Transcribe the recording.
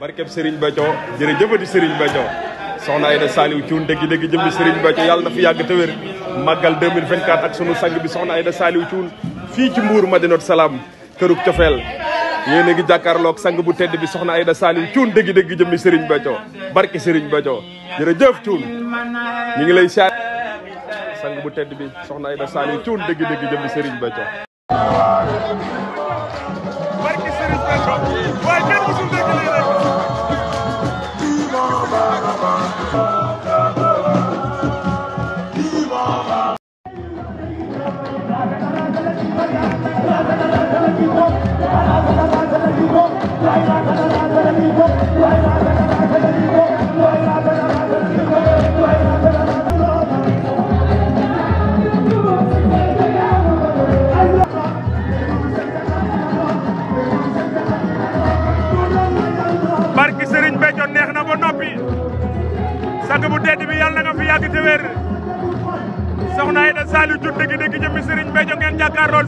barkeb Serigne Bethio jërëjëfati Serigne Bethio soxna ay Aida Saliou Thioune dëgg dëgg jëmmi Serigne Bethio yàlla na fi yàgg te wér màggal 2024 ak sunu sang bi soxna Aida Saliou Thioune fii ci Mbour Madinatu Salaam kërug cofeel yéen a ngi jàkkaarloog sang bu tedd bi soxna Aida Saliou Thioune dëgg dëgg jëmmi Serigne Bethio barke sëriñ Bethio jërëjëf Thioune ñu ngi lay saa sang tedd bi soxna Aida Saliou Thioune dëgg dëgg jëmmi Serigne sang bu tedd bi yàlla na nga fi yàgg te wér soxna Aida Saliou Thioune dëgg-dëgg jëmmi Serigne Béthio ngeen jàkkaarlool